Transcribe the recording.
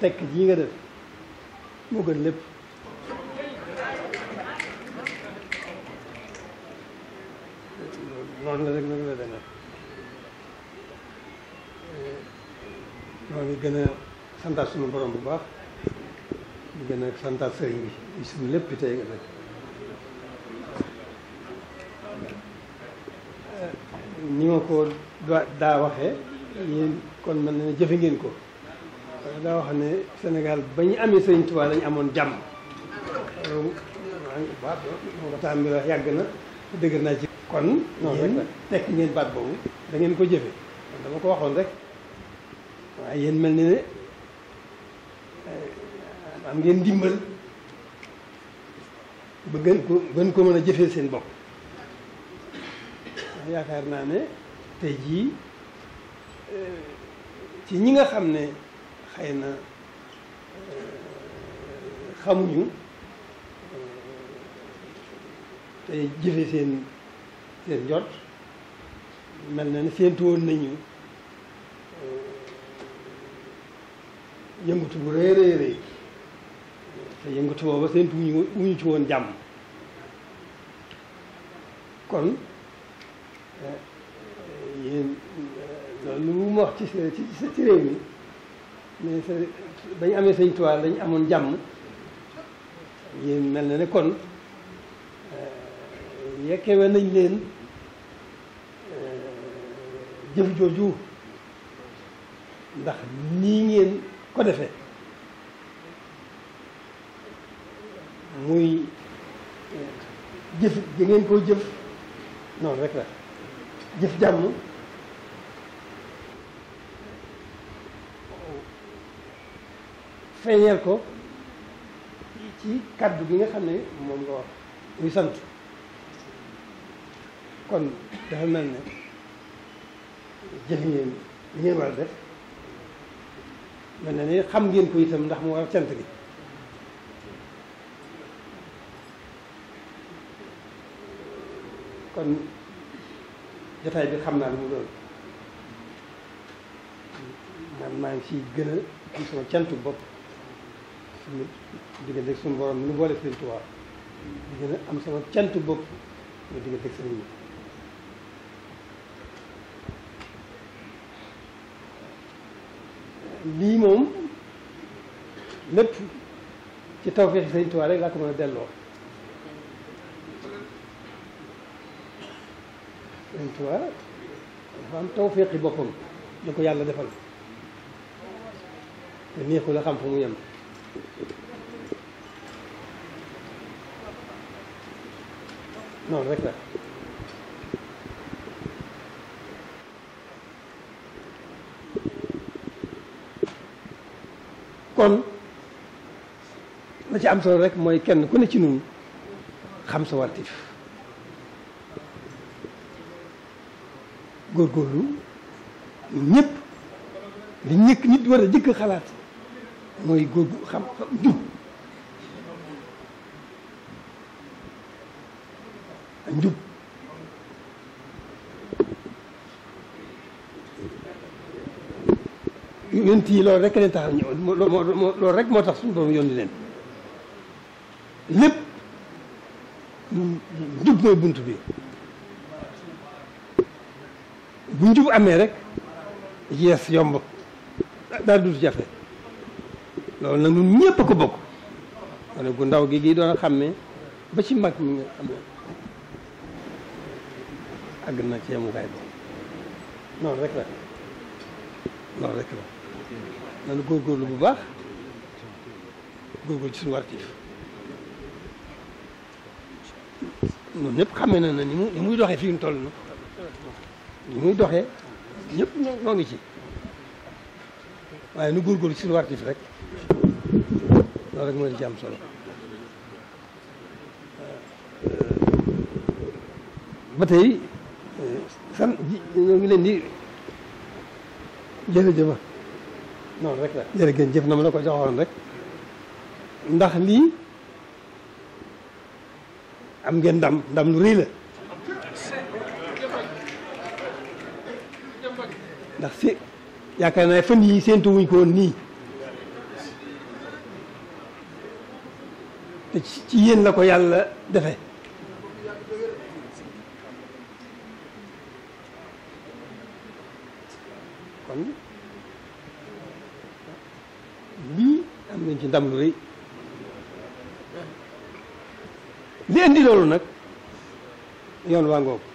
tekk jii nga def moo gën lépp noonu la rek nag la demee moo eh, ngi gën a santaat suñu borom bu baax di gën a santaat sëriñ bi suñu lépp bi tey nga nag eh, ni ma ko daa waxee yéen kon mën na ne jëfe ngeen ko daa wax ne senegal ba ñu amee Sëriñ Tuubaa lañu amoon jàmm loolu baat moom tax mbir yàgg na dëgg naa ci kon yéen tekk ngeen baat boobu da ko jëfe kon dama ko waxoon rek waaye yéen mel ni ne eh, am ngeen dimbal ba gën ko gën ko mën a jëfe seen bopp yaakaar naa ne tey jii eh, ci ñi nga xam ne xëy na euh, xamuñu euh, te jëfe seen seen mel na ne séentu woon nañu euh, yëngatu bu rëy rëy rëy te yëngatu booba séentu wuñu ci woon jàmm kon yéen lu mu wax ci ci ci réew mi mais ba ñu amee sëñ Tuubaa lañ amoon jàmm yi mel na ne kon euh, yekkewe nañ leen euh, jëf jooju ndax nii ngeen ko defe muy euh, jëf ji ngeen koo jëf noonu rek la jëf jàmm feeñeel ko ci kaddu bi nga xam ne moom nga wax sant kon dafa mel ne jëf ngeen li ngeen war def mel na ni xam ngeen ko itam ndax mu war a gi kon jotaay bi xam naa lu mu doon man maa ngi ciy gën a cantu bopp suñu diggante ak suñu borom boole Sëriñ Tuubaa di am sama cant bopp mu diggante ak sëriñ lii moom lépp ci tawfeexi Sëriñ Tuubaa rek laa ko mën a delloo Sëriñ Tuubaa dafa am tawfeexi boppam da ko yàlla defal te neexu la xam fu mu yem No, recta. kon la ci am solo rek mooy kenn ku ne ci nun xam sa góor góorgóorlu ñëpp li ñëkk nit war a jëkk xalaat mooy góor gu xam jub njub yont yi loolu rek leen tax a loolu rek moo tax suñu borom yónni leen lépp njub mooy bunt bi bu njub amee rek yees yomb daal du jafe loolu nag ñun ñëpp ko bokk wala gu ndaw gi gi doon xàmmee ba ci mag mi nga xam ne àgg na ci yemukaay boobu noonu rek la loolu rek la nanu bu baax góorgóorlu ci suñu wartiif noonu ñëpp xamee na ne ni mu ni muy doxee fii mu toll na ni muy doxe ñëpp noo ngi ci waaye nu góorgóorlu ci suñu wartiif rek loolu rek moo ci am solo ba tey san ñoo ngi leen di jërëjëf noonu rek la jërë ngeen jëf na ma la ko joxoon rek ndax lii am ngeen ndam ndam lu rëy la ndax si yaakaar naa fan yii séentu wuñ ko nii te ci yéen la ko yàlla defe kon lii am nañ ci ndam lu rëy li indi loolu nag yoon waa ngoog